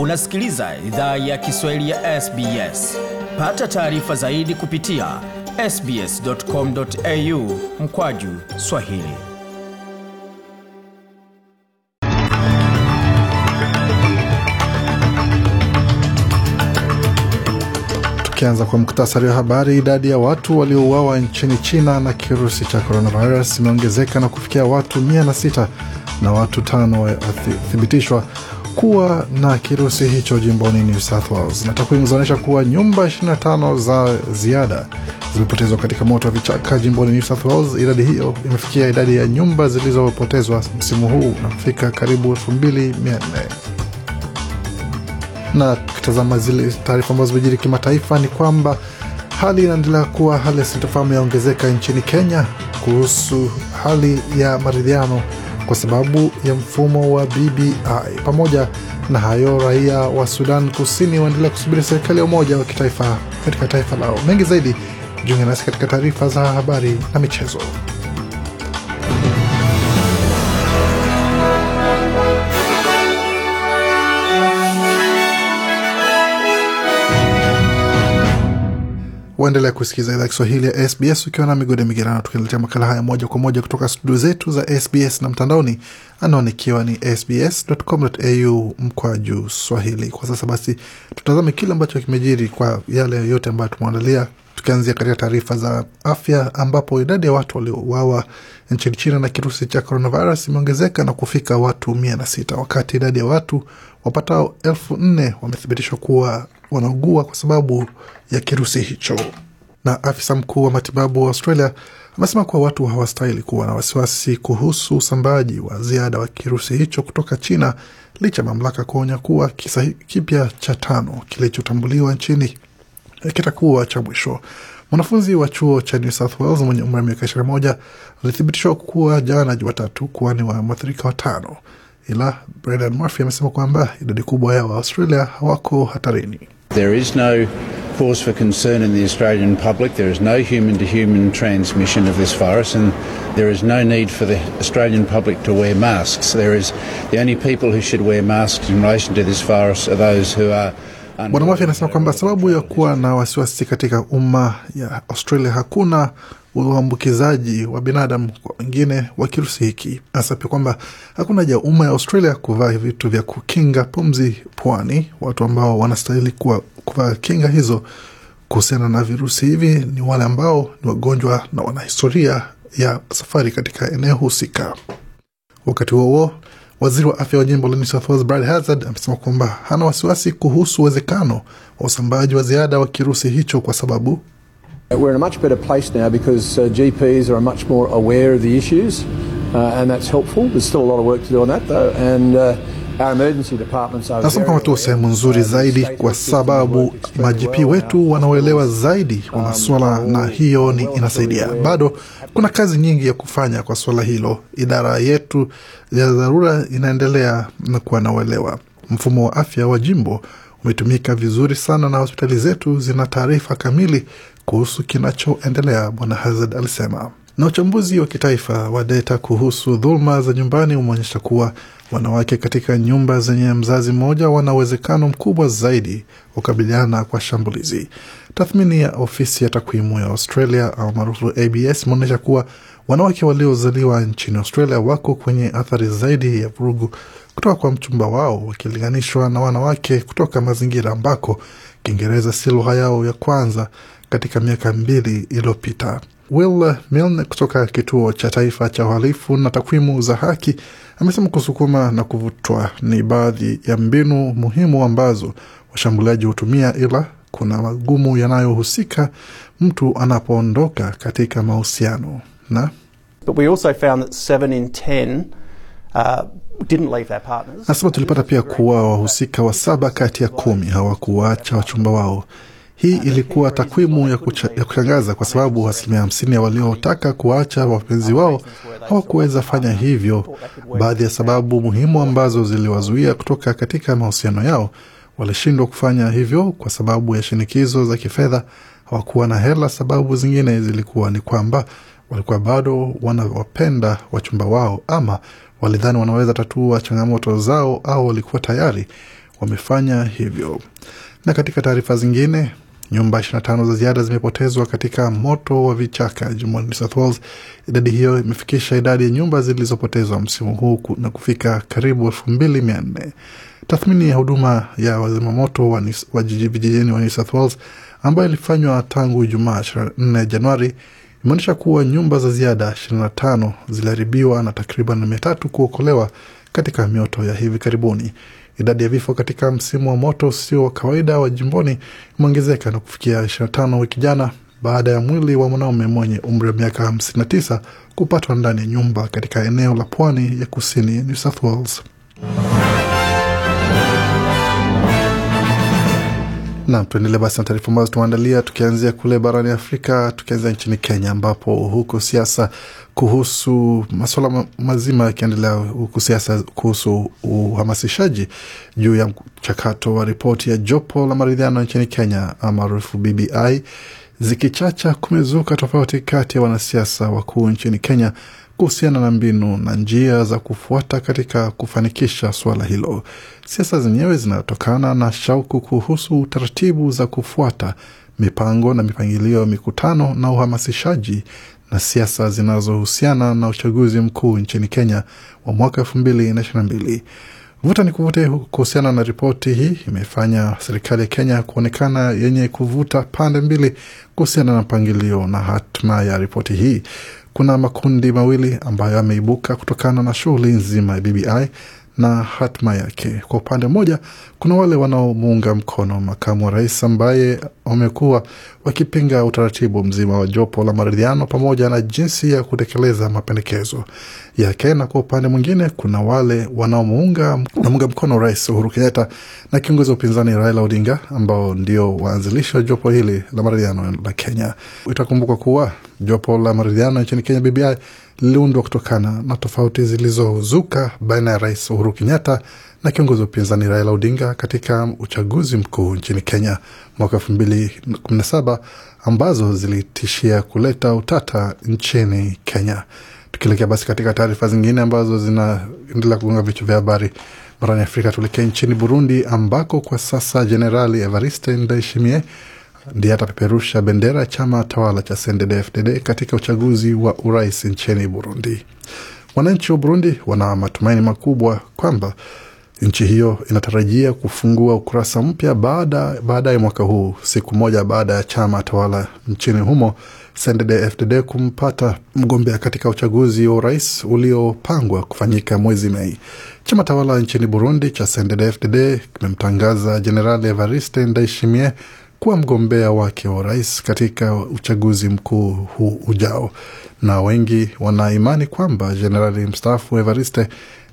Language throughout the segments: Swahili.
Unasikiliza idhaa ya Kiswahili ya SBS. Pata taarifa zaidi kupitia sbs.com.au mkwaju Swahili. Tukianza kwa muktasari wa habari, idadi ya watu waliouawa nchini China na kirusi cha coronavirus imeongezeka na kufikia watu 6 na watu tano wathibitishwa kuwa na kirusi hicho jimboni New South Wales, na takwimu zinaonyesha kuwa nyumba 25 za ziada zimepotezwa katika moto wa vichaka jimboni New South Wales. Idadi hiyo imefikia idadi ya nyumba zilizopotezwa msimu huu na kufika karibu 2400 na tazama zile taarifa ambazo zimejiri kimataifa, ni kwamba hali inaendelea kuwa hali ya sintofahamu yaongezeka nchini Kenya kuhusu hali ya maridhiano kwa sababu ya mfumo wa BBI. Pamoja na hayo, raia wa Sudan Kusini waendelea kusubiri serikali ya umoja wa kitaifa katika taifa lao. Mengi zaidi, jiunge nasi katika taarifa za habari na michezo. Waendelea kusikiliza idhaa Kiswahili ya SBS ukiwa na migode migerano, tukiletea makala haya moja kwa moja kutoka studio zetu za SBS na mtandaoni, anaonikiwa ni sbs.com.au mkwa juu swahili. Kwa sasa basi, tutazame kile ambacho kimejiri kwa yale yote ambayo tumeandalia, tukianzia katika taarifa za afya, ambapo idadi ya watu waliouawa nchini China na kirusi cha coronavirus imeongezeka na kufika watu mia na sita wakati idadi ya watu wapatao elfu nne wamethibitishwa kuwa wanaugua kwa sababu ya kirusi hicho. Na afisa mkuu wa matibabu wa Australia amesema kuwa watu hawastahili kuwa na wasiwasi kuhusu usambaaji wa ziada wa kirusi hicho kutoka China licha ya mamlaka kuonya kuwa kisa kipya cha tano kilichotambuliwa nchini kitakuwa cha mwisho. Mwanafunzi wa chuo cha New South Wales mwenye umri wa miaka moja alithibitishwa kuwa jana Jumatatu kuwa ni wamwathirika watano, ila Brendan Murphy amesema kwamba idadi kubwa ya Waaustralia hawako hatarini. There is no cause for concern in the Australian public. There is no human to human transmission of this virus, and there is no need for the Australian public to wear masks. There is the only people who should wear masks in relation to this virus are those who are Bwana Murphy anasema kwamba sababu ya kuwa na wasiwasi katika umma ya Australia hakuna uambukizaji wa binadamu kwa wengine wa kirusi hiki, hasa pia kwamba hakuna haja umma ya Australia kuvaa vitu vya kukinga pumzi pwani. Watu ambao wanastahili kuwa kuvaa kinga hizo kuhusiana na virusi hivi ni wale ambao ni wagonjwa na wana historia ya safari katika eneo husika. Wakati huo huo, waziri wa afya wa jimbo la New South Wales Brad Hazard amesema kwamba hana wasiwasi kuhusu uwezekano wa usambaaji wa ziada wa kirusi hicho kwa sababu We're in a much better place now because uh, GPs are much more aware of the issues, uh, and that's helpful. There's still a lot of work to do on that though, and uh, Nasema kama tuko sehemu nzuri zaidi kwa sababu majipi wetu wanaoelewa zaidi um, wa maswala, uh, na hiyo ni inasaidia. Bado kuna kazi nyingi ya kufanya kwa swala hilo. Idara yetu ya dharura inaendelea na kuwa na uelewa. Mfumo wa afya wa jimbo umetumika vizuri sana na hospitali zetu zina taarifa kamili kuhusu kinachoendelea, Bwana Hazard alisema. Na uchambuzi wa kitaifa wa data kuhusu dhuluma za nyumbani umeonyesha kuwa wanawake katika nyumba zenye mzazi mmoja wana uwezekano mkubwa zaidi kukabiliana kwa shambulizi. Tathmini ya ofisi ya takwimu ya Australia au maarufu ABS imeonyesha kuwa wanawake waliozaliwa nchini Australia wako kwenye athari zaidi ya vurugu kutoka kwa mchumba wao wakilinganishwa na wanawake kutoka mazingira ambako Kiingereza si lugha yao ya kwanza katika miaka mbili iliyopita. Will Milne kutoka kituo cha taifa cha uhalifu na takwimu za haki amesema kusukuma na kuvutwa ni baadhi ya mbinu muhimu ambazo washambuliaji hutumia, ila kuna magumu yanayohusika mtu anapoondoka katika mahusiano na Nasema tulipata pia kuwa wahusika wa saba kati ya kumi hawakuwaacha wachumba wao. Hii ilikuwa takwimu ya, kucha, ya kushangaza kwa sababu asilimia hamsini ya waliotaka kuacha wapenzi wao hawakuweza fanya hivyo. Baadhi ya sababu muhimu ambazo ziliwazuia kutoka katika mahusiano yao, walishindwa kufanya hivyo kwa sababu ya shinikizo za kifedha, hawakuwa na hela. Sababu zingine zilikuwa ni kwamba walikuwa bado wanawapenda wachumba wao, ama walidhani wanaweza tatua changamoto zao, au walikuwa tayari wamefanya hivyo. Na katika taarifa zingine Nyumba 25 za ziada zimepotezwa katika moto wa vichaka jimboni New South Wales. Idadi hiyo imefikisha idadi ya nyumba zilizopotezwa msimu huu na kufika karibu 24 Tathmini ya huduma ya wazimamoto wa, wa vijijini wa New South Wales ambayo ilifanywa tangu Ijumaa 24 Januari imeonyesha kuwa nyumba za ziada 25 ziliharibiwa na takriban mia kuokolewa katika mioto ya hivi karibuni. Idadi ya vifo katika msimu wa moto usio wa kawaida wa jimboni imeongezeka na kufikia 25 wiki jana baada ya mwili wa mwanaume mwenye umri wa miaka 59 kupatwa ndani ya nyumba katika eneo la pwani ya kusini New South Wales. Nam, tuendelee basi na taarifa ambazo tumeandalia, tukianzia kule barani Afrika, tukianzia nchini Kenya ambapo huku siasa kuhusu masuala mazima yakiendelea, huku siasa kuhusu uhamasishaji juu ya mchakato wa ripoti ya jopo la maridhiano nchini Kenya maarufu BBI zikichacha, kumezuka tofauti kati ya wanasiasa wakuu nchini Kenya kuhusiana na mbinu na njia za kufuata katika kufanikisha suala hilo. Siasa zenyewe zinatokana na shauku kuhusu taratibu za kufuata, mipango na mipangilio ya mikutano na uhamasishaji, na siasa zinazohusiana na uchaguzi mkuu nchini Kenya wa mwaka elfu mbili na ishirini na mbili. Vuta ni kuvute kuhusiana na ripoti hii imefanya serikali ya Kenya kuonekana yenye kuvuta pande mbili kuhusiana na mpangilio na hatma ya ripoti hii kuna makundi mawili ambayo yameibuka kutokana na shughuli nzima ya BBI na hatma yake. Kwa upande mmoja, kuna wale wanaomuunga mkono makamu wa rais ambaye wamekuwa wakipinga utaratibu mzima wa jopo la maridhiano pamoja na jinsi ya kutekeleza mapendekezo yake, na kwa upande mwingine kuna wale wanaomuunga namuunga mkono Rais Uhuru Kenyatta na kiongozi wa upinzani Raila Odinga ambao ndio waanzilishi wa jopo hili la maridhiano la Kenya. Itakumbukwa kuwa jopo la maridhiano nchini Kenya, BBI, liliundwa kutokana na tofauti zilizozuka baina ya Rais Uhuru Kenyatta na kiongozi wa upinzani Raila Odinga katika uchaguzi mkuu nchini Kenya mwaka elfu mbili kumi na saba ambazo zilitishia kuleta utata nchini Kenya. Tukielekea basi katika taarifa zingine ambazo zinaendelea kugonga vichwa vya habari barani Afrika, tuelekee nchini Burundi ambako kwa sasa Jenerali Evariste Ndayishimiye ndiye atapeperusha bendera ya chama tawala cha CNDD-FDD katika uchaguzi wa urais nchini Burundi. Wananchi wa Burundi wana matumaini makubwa kwamba nchi hiyo inatarajia kufungua ukurasa mpya baada baadaye mwaka huu, siku moja baada ya chama tawala nchini humo CNDD-FDD kumpata mgombea katika uchaguzi wa urais uliopangwa kufanyika mwezi Mei. Chama tawala nchini Burundi cha CNDD-FDD kimemtangaza Jenerali Evariste Ndayishimiye kuwa mgombea wake wa urais katika uchaguzi mkuu huu ujao, na wengi wanaimani kwamba jenerali mstaafu Evariste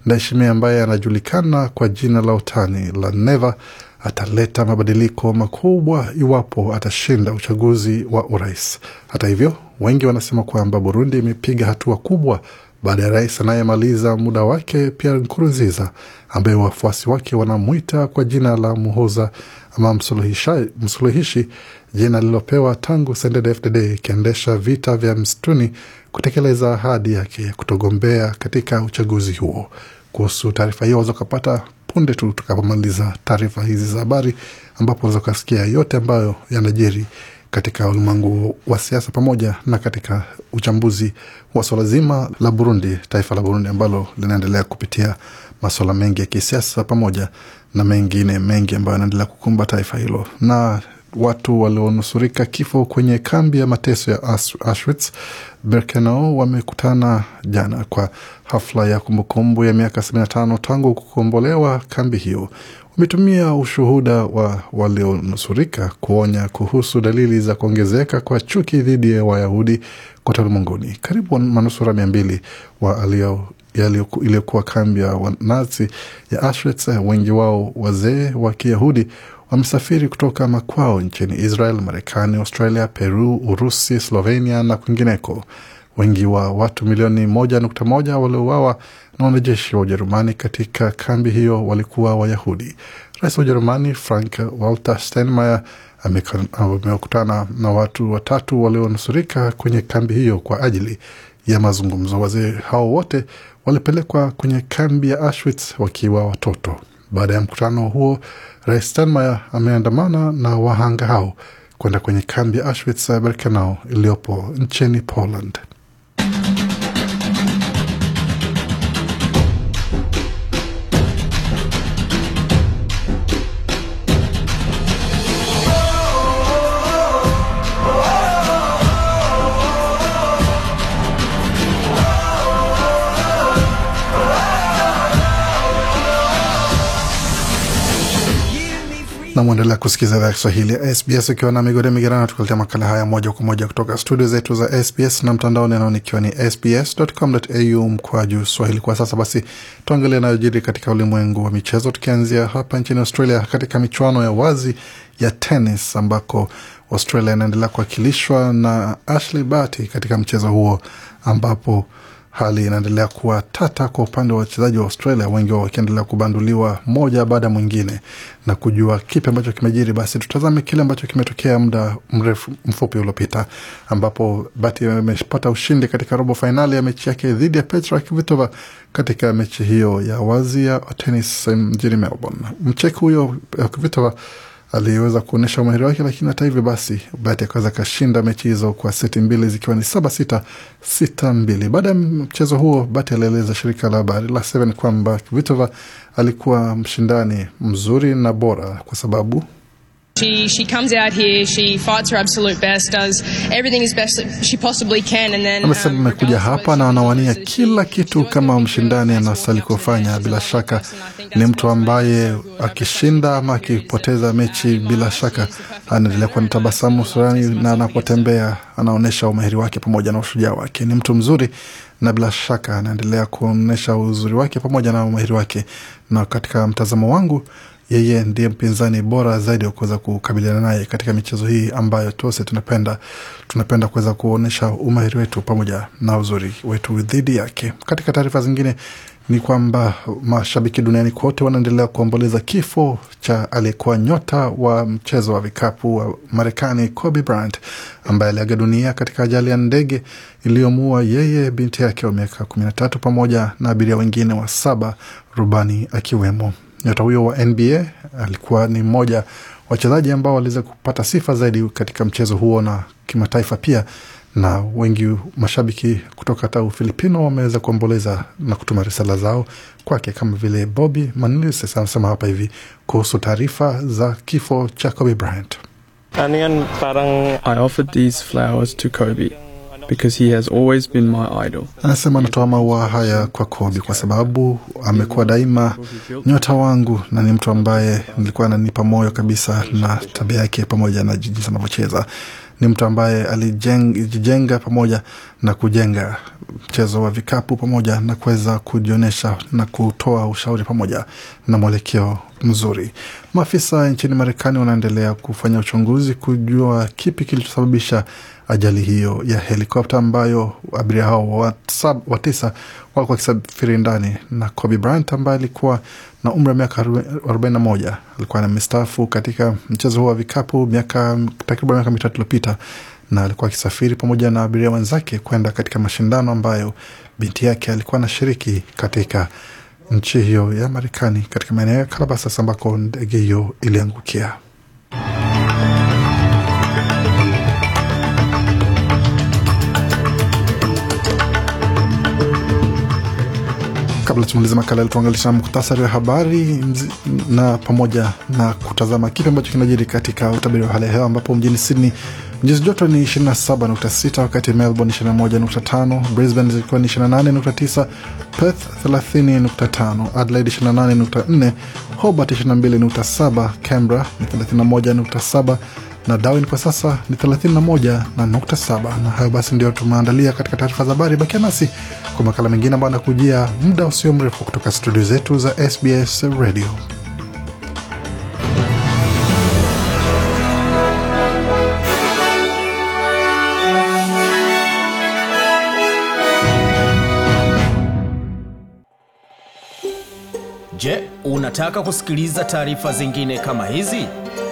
Ndayishimiye ambaye anajulikana kwa jina la utani la Neva ataleta mabadiliko makubwa iwapo atashinda uchaguzi wa urais. Hata hivyo, wengi wanasema kwamba Burundi imepiga hatua kubwa baada ya rais anayemaliza muda wake Pierre Nkurunziza, ambaye wafuasi wake wanamwita kwa jina la Muhoza ama msuluhishi, jina lililopewa tangu CNDD-FDD ikiendesha vita vya msituni, kutekeleza ahadi yake ya kutogombea katika uchaguzi huo. Kuhusu taarifa hiyo waweza ukapata punde tu tutakapomaliza taarifa hizi za habari, ambapo unaweza ukasikia yote ambayo yanajiri katika ulimwengu wa siasa pamoja na katika uchambuzi wa swala zima la Burundi, taifa la Burundi ambalo linaendelea kupitia maswala mengi ya kisiasa pamoja na mengine mengi ambayo yanaendelea kukumba taifa hilo na watu walionusurika kifo kwenye kambi ya mateso ya Auschwitz Birkenau wamekutana jana kwa hafla ya kumbukumbu ya miaka 75 tangu kukombolewa kambi hiyo. Wametumia ushuhuda wa walionusurika kuonya kuhusu dalili za kuongezeka kwa chuki dhidi ya Wayahudi kote ulimwenguni. Karibu manusura mia mbili wa alio iliyokuwa kambi ya Wanazi ya Auschwitz, wengi wao wazee wa Kiyahudi wamesafiri kutoka makwao nchini Israel, Marekani, Australia, Peru, Urusi, Slovenia na kwingineko. Wengi wa watu milioni moja nukta moja waliouawa na wanajeshi wa Ujerumani katika kambi hiyo walikuwa Wayahudi. Rais wa Ujerumani Frank Walter Steinmeier amekutana na watu watatu walionusurika kwenye kambi hiyo kwa ajili ya mazungumzo. Wazee hao wote walipelekwa kwenye kambi ya Auschwitz wakiwa watoto. Baada ya mkutano huo, Rais Steinmeier ameandamana na wahanga hao kwenda kwenye kambi ya Auschwitz-Birkenau iliyopo nchini Poland. na mwendelea kusikiza idhaa Kiswahili ya SBS ukiwa na migode migerano, tukuletea makala haya moja kwa moja kutoka studio zetu za SBS na mtandao anaoni nikiwa ni sbs.com.au mkwaju swahili. Kwa sasa basi, tuangalie anayojiri katika ulimwengu wa michezo, tukianzia hapa nchini Australia katika michuano ya wazi ya tenis ambako Australia inaendelea kuwakilishwa na Ashley Barty katika mchezo huo ambapo Hali inaendelea kuwa tata kwa upande wa wachezaji wa Australia, wengi wao wakiendelea kubanduliwa moja baada mwingine. Na kujua kipi ambacho kimejiri, basi tutazame kile ambacho kimetokea muda mrefu mfupi uliopita, ambapo Bati amepata ushindi katika robo fainali ya mechi yake dhidi ya Petra Kvitova katika mechi hiyo ya wazi ya tenis mjini Melbourne. Mcheki huyo eh, Kvitova aliweza kuonyesha umahiri wake, lakini hata hivyo basi Bati akaweza kashinda mechi hizo kwa seti mbili zikiwa ni saba sita sita mbili. Baada ya mchezo huo, Bati alieleza shirika la habari la Seven kwamba Kvitova alikuwa mshindani mzuri na bora kwa sababu She, she comes out here, she fights her absolute best, does everything as best she possibly can and then amesema um, amekuja hapa na anawania kila kitu kama mshindani anastahili kufanya. Bila shaka ni mtu ambaye akishinda ama akipoteza mechi, bila shaka anaendelea kuwa na tabasamu surani, na anapotembea anaonyesha umahiri wake pamoja na ushujaa wake. Ni mtu mzuri na bila shaka anaendelea kuonyesha uzuri wake pamoja na umahiri wake, na katika mtazamo wangu yeye ndiye mpinzani bora zaidi wa kuweza kukabiliana naye katika michezo hii ambayo tuose tunapenda tunapenda kuweza kuonyesha umahiri wetu pamoja na uzuri wetu dhidi yake. Katika taarifa zingine ni kwamba mashabiki duniani kote wanaendelea kuomboleza kifo cha aliyekuwa nyota wa mchezo wa vikapu wa Marekani Kobe Bryant ambaye aliaga dunia katika ajali ya ndege iliyomuua yeye, binti yake wa miaka kumi na tatu pamoja na abiria wengine wa saba, rubani akiwemo nyota huyo wa NBA alikuwa ni mmoja wachezaji ambao waliweza kupata sifa zaidi katika mchezo huo na kimataifa pia, na wengi mashabiki kutoka hata Ufilipino wameweza kuomboleza na kutuma risala zao kwake, kama vile Bobby Manilese anasema hapa hivi kuhusu taarifa za kifo cha Kobe Bryant because he has always been my idol. Anasema anatoa maua haya kwa Kobi kwa sababu amekuwa daima nyota wangu na ni mtu ambaye nilikuwa ananipa moyo kabisa na tabia yake pamoja na jinsi anavyocheza ni mtu ambaye alijijenga pamoja na kujenga mchezo wa vikapu pamoja na kuweza kujionyesha na kutoa ushauri pamoja na mwelekeo mzuri. Maafisa nchini Marekani wanaendelea kufanya uchunguzi kujua kipi kilichosababisha ajali hiyo ya helikopta ambayo abiria hao watisa walikuwa wakisafiri ndani, na Kobe Bryant ambaye alikuwa na umri wa miaka 41 alikuwa na mistafu katika mchezo huo wa vikapu miaka takriban miaka mitatu iliyopita, na alikuwa akisafiri pamoja na abiria wenzake kwenda katika mashindano ambayo binti yake alikuwa anashiriki katika nchi hiyo ya Marekani katika maeneo ya Kalabasas ambako ndege hiyo iliangukia. Kabla tumalize makala, tuangalisha muktasari wa habari na pamoja na kutazama kipi ambacho kinajiri katika utabiri wa hali ya hewa, ambapo mjini Sydney nyuzi joto ni 27.6, wakati Melbourne 21.5, Brisbane zilikuwa ni 28.9, Perth 30.5, Adelaide 28.4, Hobart 22.7, Canberra ni 31.7 na Darwin kwa sasa ni 31 na nukta saba. Na hayo basi ndio tumeandalia katika taarifa za habari. Bakia nasi kwa makala mengine ambayo anakujia muda usio mrefu kutoka studio zetu za SBS Radio. Je, unataka kusikiliza taarifa zingine kama hizi?